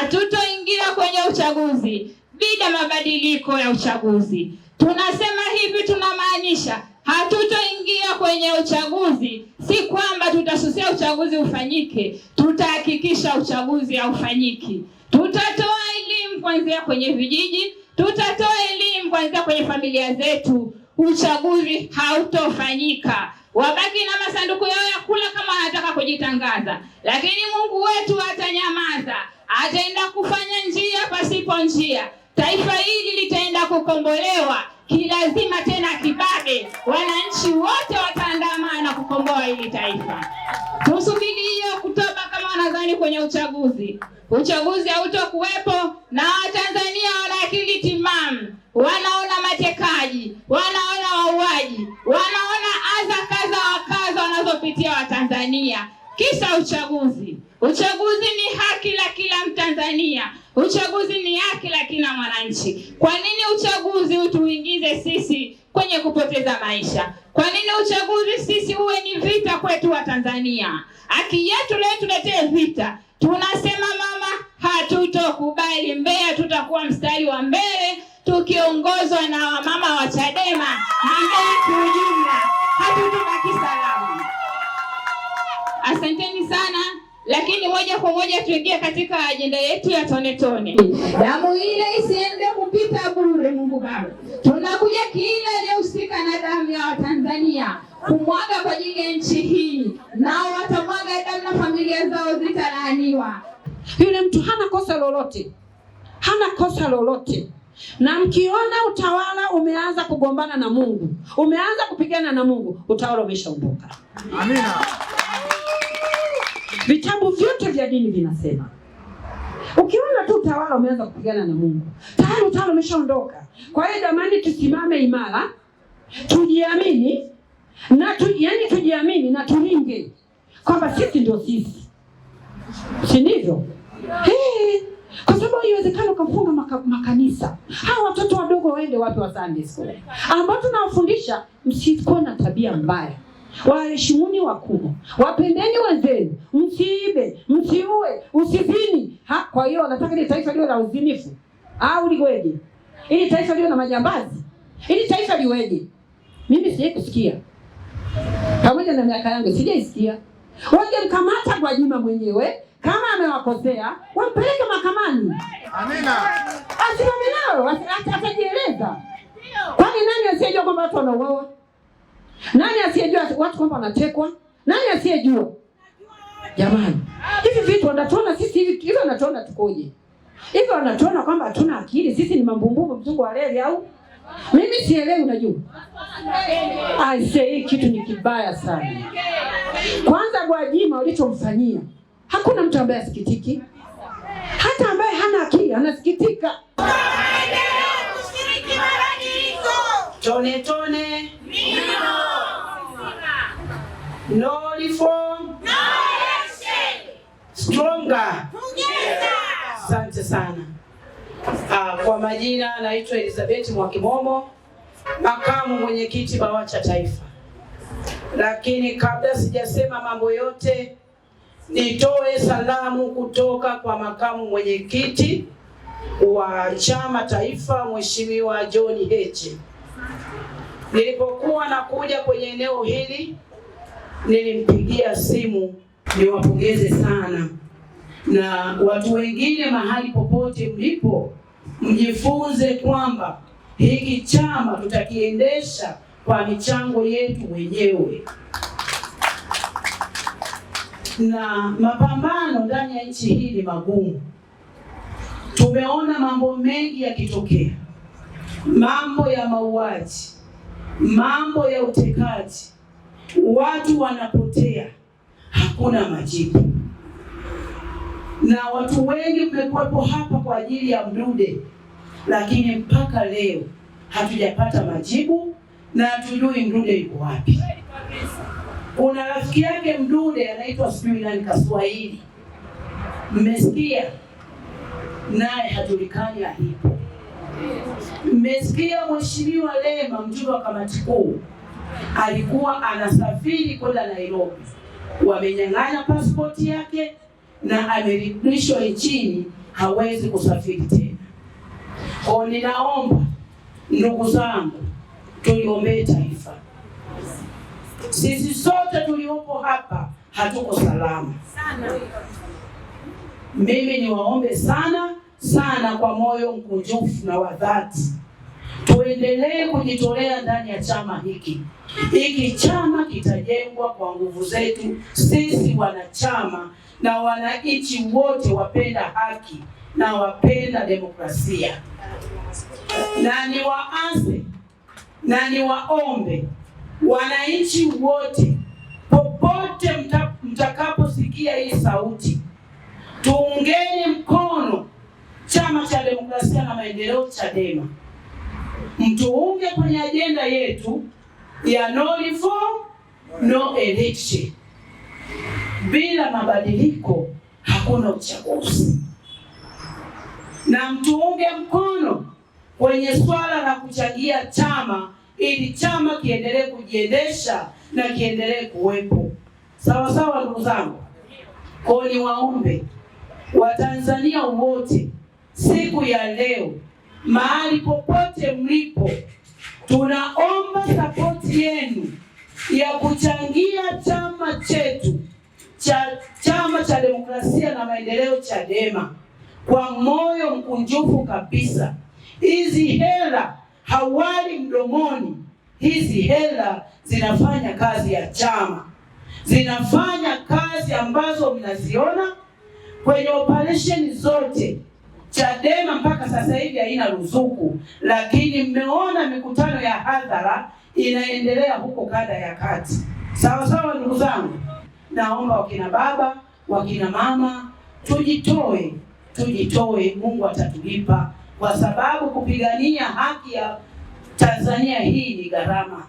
hatutoingia kwenye uchaguzi bila mabadiliko ya uchaguzi. Tunasema hivi, tunamaanisha hatutoingia kwenye uchaguzi, si kwamba tutasusia uchaguzi ufanyike. Tutahakikisha uchaguzi haufanyiki. Tutatoa elimu kuanzia kwenye vijiji, tutatoa elimu kuanzia kwenye familia zetu. Uchaguzi hautofanyika. Wabaki na masanduku yao ya kula kama wanataka kujitangaza, lakini Mungu wetu atanyamaza ataenda kufanya njia pasipo njia. Taifa hili litaenda kukombolewa kilazima, tena kibabe. Wananchi wote wataandamana kukomboa hili taifa. Tusubiri hiyo kutoka kama wanadhani kwenye uchaguzi, uchaguzi hautokuwepo na Watanzania wana akili timamu, wanaona matekaji, wanaona wauaji, wanaona adha kadha wa kadha wanazopitia Watanzania kisa uchaguzi. Uchaguzi ni haki la kila Mtanzania, uchaguzi ni haki la kila mwananchi. Kwa nini uchaguzi utuingize sisi kwenye kupoteza maisha? Kwa nini uchaguzi sisi uwe ni vita kwetu wa Tanzania? Haki yetu leo tuletee vita, tunasema mama, hatutokubali. Mbeya tutakuwa mstari wa mbele tukiongozwa na wamama wa Chadema. Lakini moja kwa moja tuingie katika ajenda yetu ya tone tone. Damu ile isiende kupita bure. Mungu Baba, tunakuja kila aliyehusika na damu ya Watanzania kumwaga kwa ajili ya nchi hii, nao watamwaga damu na familia zao zitalaaniwa. Yule mtu hana kosa lolote, hana kosa lolote na mkiona utawala umeanza kugombana na Mungu, umeanza kupigana na Mungu, utawala umeshaumbuka. Amina. Vitabu vyote vya dini vinasema ukiona tu utawala umeanza kupigana na Mungu tayari utawala umeshaondoka. Kwa hiyo jamani, tusimame imara, tujiamini na tu, yani tujiamini na tulinge kwamba sisi ndio sisi, si ndivyo? Hey, kwa sababu haiwezekana ukafunga maka, makanisa. Hawa watoto wadogo waende wapi wa Sunday school ambao tunawafundisha msikuwe na tabia mbaya Waheshimuni wakubwa, wapendeni wenzenu, msiibe, msiue, usizini. kwa hiyo wanataka ili taifa liwe la uzinifu au liweje? Ili taifa liwe na majambazi? Ili taifa liweje? Mimi sijai kusikia, pamoja na miaka yangu sijaisikia. Wangemkamata Gwajima mwenyewe kama amewakosea, wampeleke mahakamani, amina, asimame nao, atajieleza. Kwani nani asiyejua kwamba watu wanauawa? Nani asiyejua watu kwamba wanatekwa? Nani asiyejua? Jamani, hivi vitu wanatuona sisi hivi hivi, wanatuona tukoje? Hivi wanatuona kwamba hatuna akili sisi, ni mambumbumbu mzungu wa reli au? Mimi sielewi, unajua aisee, hii kitu ni kibaya sana. Kwanza Gwajima ulichomfanyia, hakuna mtu ambaye asikitiki, hata ambaye hana akili anasikitika. Tone tone Funga. Asante sana. Ah, kwa majina naitwa Elizabeth Mwakimomo, makamu mwenyekiti BAWACHA Taifa. Lakini kabla sijasema mambo yote, nitoe salamu kutoka kwa makamu mwenyekiti wa chama taifa, Mheshimiwa John Heche. Nilipokuwa nakuja kwenye eneo hili, nilimpigia simu niwapongeze sana na watu wengine mahali popote mlipo, mjifunze kwamba hiki chama tutakiendesha kwa michango yetu wenyewe, na mapambano ndani ya nchi hii ni magumu. Tumeona mambo mengi yakitokea, mambo ya mauaji, mambo ya utekaji, watu wanapotea, hakuna majibu na watu wengi mmekuwepo hapa kwa ajili ya Mdude, lakini mpaka leo hatujapata majibu na hatujui Mdude yuko wapi. Kuna rafiki yake Mdude anaitwa sijui nani Kaswahili, mmesikia naye hajulikani alipo. Mmesikia Mheshimiwa Lema, mjumbe wa kamati kuu, alikuwa anasafiri kwenda Nairobi, wamenyang'anya pasipoti yake na amerudishwa nchini, hawezi kusafiri tena. Kwa ninaomba ndugu zangu, tuliombee taifa. Sisi sote tuliopo hapa hatuko salama sana. Mimi niwaombe sana sana kwa moyo mkunjufu na wa dhati, tuendelee kujitolea ndani ya chama hiki. Hiki chama kitajengwa kwa nguvu zetu sisi wanachama na wananchi wote wapenda haki na wapenda demokrasia, na niwaanze na niwaombe wananchi wote, popote mta, mtakaposikia hii sauti, tuungeni mkono chama cha demokrasia na maendeleo Chadema, mtuunge kwenye ajenda yetu ya no reform no election. Bila mabadiliko hakuna uchaguzi. Na mtuunge mkono kwenye swala la kuchangia chama ili chama kiendelee kujiendesha na kiendelee kuwepo sawa sawa. Ndugu zangu, kwa ni waombe Watanzania wote siku ya leo, mahali popote mlipo, tunaomba sapoti yenu ya kuchangia chama chetu cha Chama cha Demokrasia na Maendeleo Chadema kwa moyo mkunjufu kabisa. Hizi hela hawali mdomoni, hizi hela zinafanya kazi ya chama, zinafanya kazi ambazo mnaziona kwenye operesheni zote. Chadema mpaka sasa hivi haina ruzuku, lakini mmeona mikutano ya hadhara inaendelea huko kanda ya kati. Sawa sawa, ndugu zangu naomba wakina baba, wakina mama, tujitoe, tujitoe, Mungu atatulipa, kwa sababu kupigania haki ya Tanzania hii ni gharama.